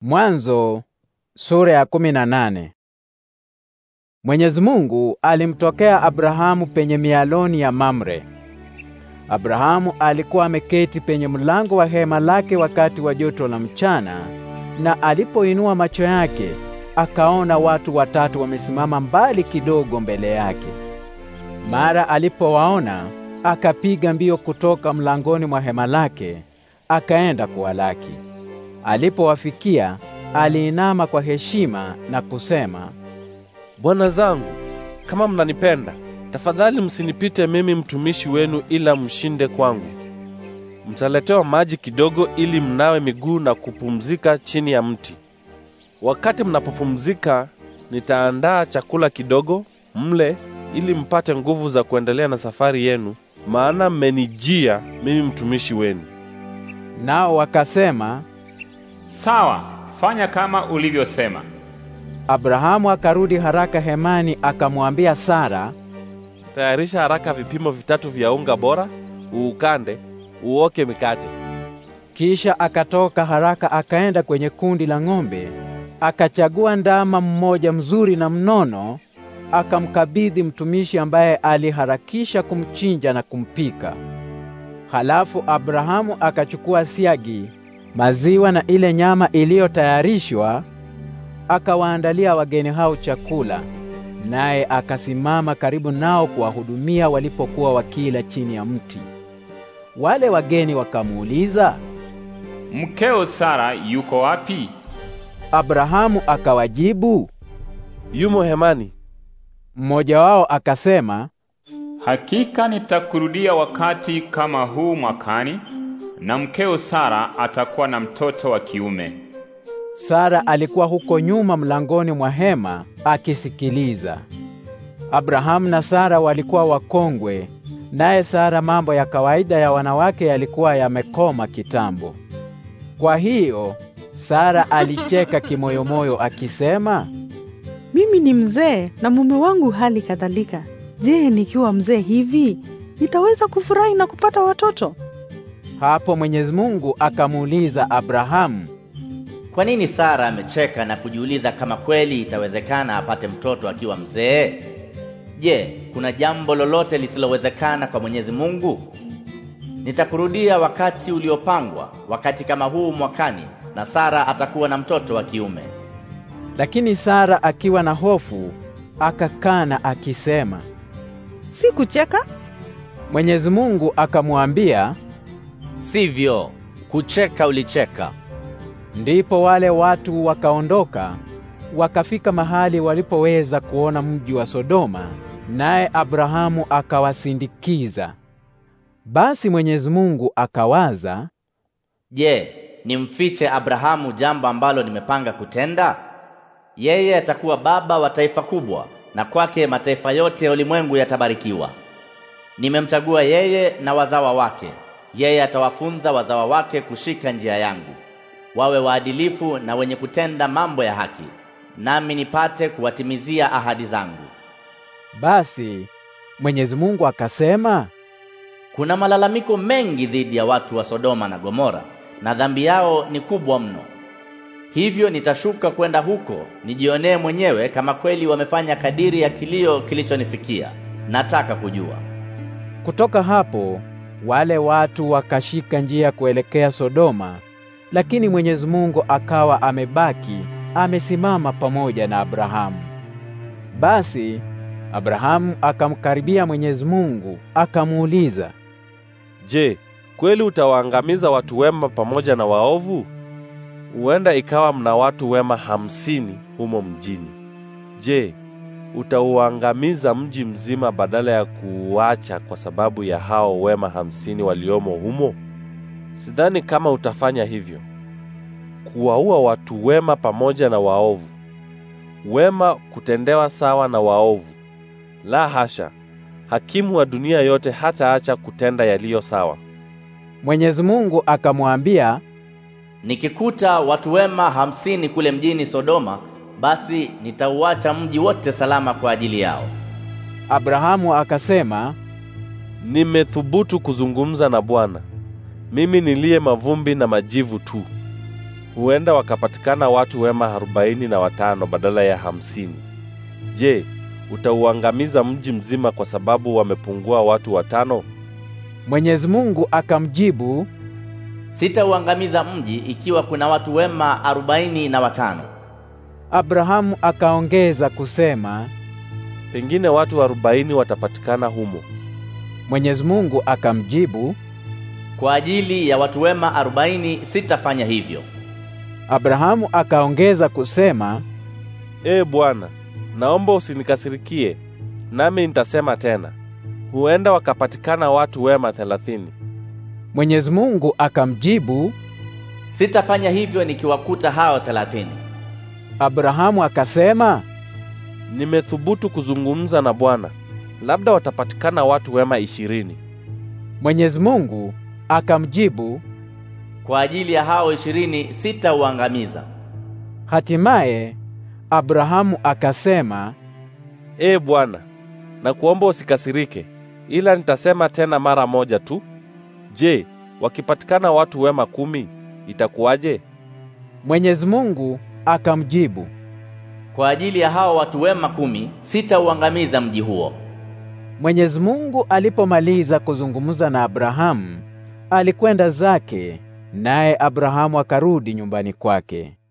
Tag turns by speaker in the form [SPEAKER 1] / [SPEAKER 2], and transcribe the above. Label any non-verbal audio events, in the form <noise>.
[SPEAKER 1] Mwanzo sura ya kumi na nane. Mwenyezi Mungu alimtokea Abrahamu penye mialoni ya Mamre. Abrahamu alikuwa ameketi penye mlango wa hema lake wakati wa joto la mchana, na alipoinua macho yake akaona watu watatu wamesimama mbali kidogo mbele yake. Mara alipowaona akapiga mbio kutoka mlangoni mwa hema lake akaenda kuwalaki. Alipowafikia, aliinama kwa heshima na kusema, Bwana zangu,
[SPEAKER 2] kama mnanipenda, tafadhali msinipite mimi mtumishi wenu ila mshinde kwangu. Mtaletewa maji kidogo ili mnawe miguu na kupumzika chini ya mti. Wakati mnapopumzika, nitaandaa chakula kidogo mle ili mpate nguvu za kuendelea na safari yenu, maana mmenijia mimi mtumishi wenu. Nao wakasema Sawa, fanya kama ulivyosema.
[SPEAKER 1] Abrahamu akarudi haraka hemani, akamwambia Sara,
[SPEAKER 2] tayarisha haraka vipimo vitatu vya unga bora, uukande, uoke mikate.
[SPEAKER 1] Kisha akatoka haraka akaenda kwenye kundi la ng'ombe, akachagua ndama mmoja mzuri na mnono, akamkabidhi mtumishi ambaye aliharakisha kumchinja na kumpika. Halafu Abrahamu akachukua siagi maziwa na ile nyama iliyotayarishwa, akawaandalia wageni hao chakula, naye akasimama karibu nao kuwahudumia walipokuwa wakila chini ya mti. Wale wageni wakamuuliza,
[SPEAKER 2] mkeo Sara yuko
[SPEAKER 1] wapi? Abrahamu akawajibu, yumo hemani. Mmoja wao akasema,
[SPEAKER 2] hakika nitakurudia wakati kama huu mwakani na mkeo Sara atakuwa na mtoto wa kiume.
[SPEAKER 1] Sara alikuwa huko nyuma mlangoni mwa hema akisikiliza. Abrahamu na Sara walikuwa wakongwe, naye Sara mambo ya kawaida ya wanawake yalikuwa yamekoma kitambo. Kwa hiyo Sara alicheka <laughs> kimoyomoyo akisema, mimi ni mzee na mume wangu hali kadhalika. Je, nikiwa mzee hivi nitaweza kufurahi na kupata
[SPEAKER 3] watoto? Hapo Mwenyezi Mungu akamuuliza Abrahamu, kwa nini Sara amecheka na kujiuliza kama kweli itawezekana apate mtoto akiwa mzee? Je, kuna jambo lolote lisilowezekana kwa Mwenyezi Mungu? Nitakurudia wakati uliopangwa, wakati kama huu mwakani, na Sara atakuwa na mtoto wa kiume.
[SPEAKER 1] Lakini Sara akiwa na hofu akakana akisema, sikucheka. Mwenyezi Mungu akamwambia, sivyo, kucheka ulicheka. Ndipo wale watu wakaondoka wakafika mahali walipoweza kuona mji wa Sodoma, naye Abrahamu akawasindikiza. Basi Mwenyezi Mungu akawaza,
[SPEAKER 3] je, nimfiche Abrahamu jambo ambalo nimepanga kutenda? Yeye atakuwa baba wa taifa kubwa, na kwake mataifa yote ya ulimwengu yatabarikiwa. Nimemchagua yeye na wazawa wake yeye atawafunza wazawa wake kushika njia yangu, wawe waadilifu na wenye kutenda mambo ya haki, nami nipate kuwatimizia ahadi zangu.
[SPEAKER 1] Basi Mwenyezi Mungu akasema,
[SPEAKER 3] kuna malalamiko mengi dhidi ya watu wa Sodoma na Gomora, na dhambi yao ni kubwa mno. Hivyo nitashuka kwenda huko nijionee mwenyewe kama kweli wamefanya kadiri ya kilio kilichonifikia. Nataka kujua.
[SPEAKER 1] Kutoka hapo wale watu wakashika njia kuelekea Sodoma, lakini Mwenyezi Mungu akawa amebaki amesimama pamoja na Abrahamu. Basi Abrahamu akamkaribia Mwenyezi Mungu akamuuliza,
[SPEAKER 2] Je, kweli utawaangamiza watu wema pamoja na waovu? Huenda ikawa mna watu wema hamsini humo mjini. Je, utauangamiza mji mzima badala ya kuuacha kwa sababu ya hao wema hamsini waliomo humo? Sidhani kama utafanya hivyo. Kuwaua watu wema pamoja na waovu, wema kutendewa sawa na waovu, la hasha! Hakimu wa dunia yote hataacha kutenda yaliyo sawa.
[SPEAKER 1] Mwenyezi Mungu akamwambia,
[SPEAKER 3] nikikuta watu wema hamsini kule mjini Sodoma basi nitauacha mji wote salama kwa ajili
[SPEAKER 2] yao. Abrahamu akasema, nimethubutu kuzungumza na Bwana, mimi niliye mavumbi na majivu tu. Huenda wakapatikana watu wema arobaini na watano badala ya hamsini. Je, utauangamiza mji mzima kwa sababu wamepungua watu watano?
[SPEAKER 3] Mwenyezi Mungu akamjibu, sitauangamiza
[SPEAKER 2] mji ikiwa
[SPEAKER 3] kuna watu wema arobaini na watano.
[SPEAKER 1] Abrahamu akaongeza kusema,
[SPEAKER 2] pengine watu arobaini watapatikana humo. Mwenyezi Mungu akamjibu,
[SPEAKER 3] kwa ajili ya watu wema arobaini sitafanya hivyo.
[SPEAKER 2] Abrahamu
[SPEAKER 1] akaongeza kusema,
[SPEAKER 2] Ee Bwana, naomba usinikasirikie, nami nitasema tena, huenda wakapatikana watu wema thelathini.
[SPEAKER 1] Mwenyezi Mungu akamjibu,
[SPEAKER 2] sitafanya hivyo nikiwakuta hao thelathini. Abrahamu akasema, nimethubutu kuzungumza na Bwana, labda watapatikana watu wema ishirini. Mwenyezi
[SPEAKER 1] Mungu akamjibu,
[SPEAKER 2] kwa ajili ya hao ishirini sitauangamiza.
[SPEAKER 1] Hatimaye Abrahamu akasema,
[SPEAKER 2] Ee Bwana, nakuomba usikasirike, ila nitasema tena mara moja tu. Je, wakipatikana watu wema kumi itakuwaje? Mwenyezi
[SPEAKER 1] Mungu akamjibu,
[SPEAKER 2] kwa ajili ya hao watu wema kumi sitauangamiza
[SPEAKER 3] mji huo.
[SPEAKER 1] Mwenyezi Mungu alipomaliza kuzungumza na Abrahamu, alikwenda zake, naye Abrahamu akarudi nyumbani kwake.